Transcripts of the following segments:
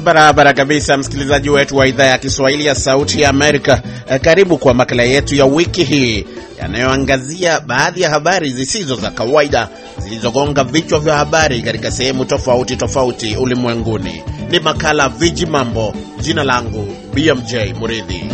Barabara kabisa, msikilizaji wetu wa idhaa ya Kiswahili ya Sauti ya Amerika. Eh, karibu kwa makala yetu ya wiki hii yanayoangazia baadhi ya habari zisizo za kawaida zilizogonga vichwa vya habari katika sehemu tofauti tofauti ulimwenguni. Ni makala Viji Mambo. Jina langu BMJ Muridhi.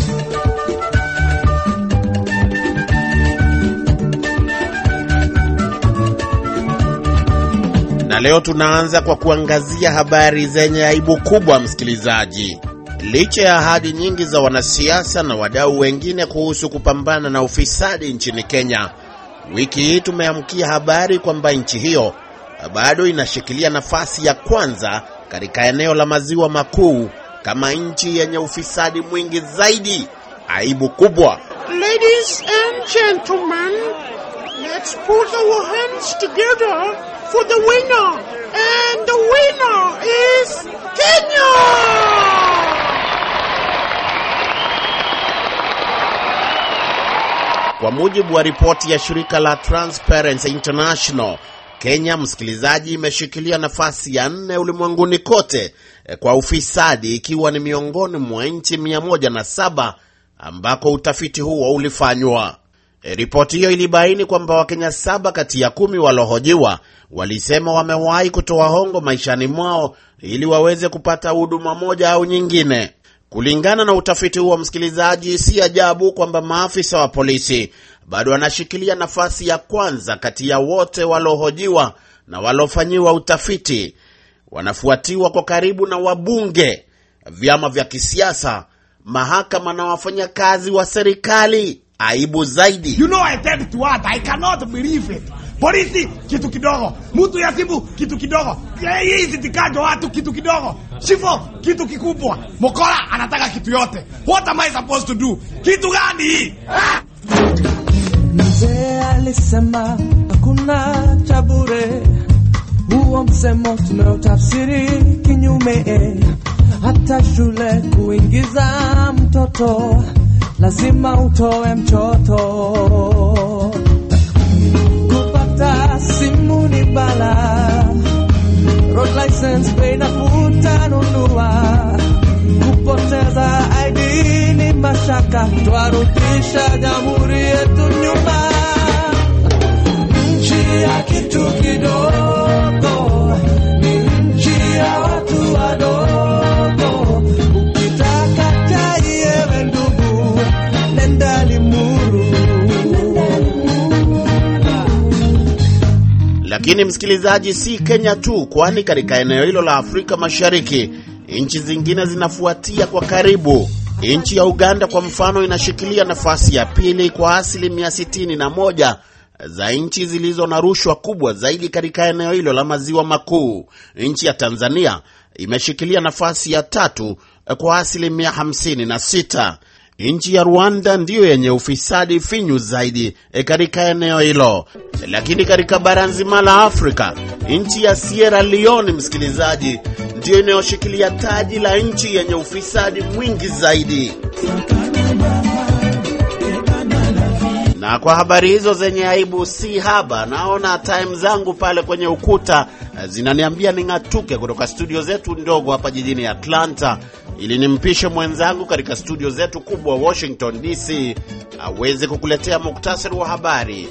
leo tunaanza kwa kuangazia habari zenye aibu kubwa, msikilizaji. Licha ya ahadi nyingi za wanasiasa na wadau wengine kuhusu kupambana na ufisadi nchini Kenya, wiki hii tumeamkia habari kwamba nchi hiyo bado inashikilia nafasi ya kwanza katika eneo la maziwa makuu kama nchi yenye ufisadi mwingi zaidi. Aibu kubwa, ladies and gentlemen. Let's put our hands together for the winner. And the winner is Kenya! Kwa mujibu wa ripoti ya shirika la Transparency International, Kenya msikilizaji, imeshikilia nafasi ya nne ulimwenguni kote eh, kwa ufisadi, ikiwa ni miongoni mwa nchi 107 ambako utafiti huo ulifanywa. E, ripoti hiyo ilibaini kwamba Wakenya saba kati ya kumi walohojiwa walisema wamewahi kutoa hongo maishani mwao ili waweze kupata huduma moja au nyingine. Kulingana na utafiti huo, msikilizaji, si ajabu kwamba maafisa wa polisi bado wanashikilia nafasi ya kwanza kati ya wote walohojiwa na walofanyiwa utafiti. Wanafuatiwa kwa karibu na wabunge, vyama vya kisiasa, mahakama na wafanyakazi wa serikali aibu zaidi. You know I said to what? I cannot believe it. Polisi kitu kidogo, mtu ya simu kitu kidogo, hii zitikajo watu kitu kidogo, shifo kitu kikubwa, mokola anataka kitu yote. What am I supposed to do? Kitu gani hii? Mzee alisema hakuna cha bure, huo msemo tumeutafsiri kinyume, hata shule kuingiza mtoto lazima utoe mtoto. Kupata simu ni bala, road license bei nafuu utanunua, kupoteza ID ni mashaka, twarudisha jamhuri yetu nyuma, nchi ya kitu kidogo Lakini msikilizaji, si Kenya tu, kwani katika eneo hilo la Afrika Mashariki nchi zingine zinafuatia kwa karibu. Nchi ya Uganda kwa mfano inashikilia nafasi ya pili kwa asilimia sitini na moja za nchi zilizo na rushwa kubwa zaidi katika eneo hilo la maziwa makuu. Nchi ya Tanzania imeshikilia nafasi ya tatu kwa asilimia hamsini na sita. Nchi ya Rwanda ndiyo yenye ufisadi finyu zaidi e katika eneo hilo, lakini katika bara nzima la Afrika, nchi ya Sierra Leone, msikilizaji, ndiyo inayoshikilia taji la nchi yenye ufisadi mwingi zaidi. Na kwa habari hizo zenye aibu si haba, naona time zangu pale kwenye ukuta e, zinaniambia ning'atuke kutoka studio zetu ndogo hapa jijini Atlanta ili nimpishe mwenzangu katika studio zetu kubwa Washington DC aweze kukuletea muktasari wa habari.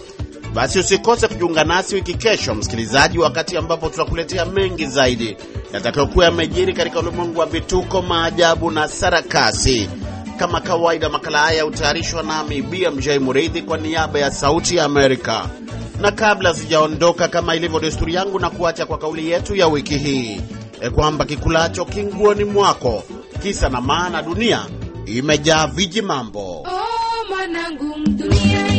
Basi usikose kujiunga nasi wiki kesho, msikilizaji, wakati ambapo tutakuletea mengi zaidi yatakayokuwa yamejiri katika ulimwengu wa vituko, maajabu na sarakasi. Kama kawaida, makala haya hutayarishwa nami BMJ Muridhi kwa niaba ya Sauti ya Amerika, na kabla sijaondoka, kama ilivyo desturi yangu, na kuacha kwa kauli yetu ya wiki hii Eh, kwamba kikulacho kinguoni mwako. Kisa na maana, dunia imejaa viji mambo. Oh, manangu, dunia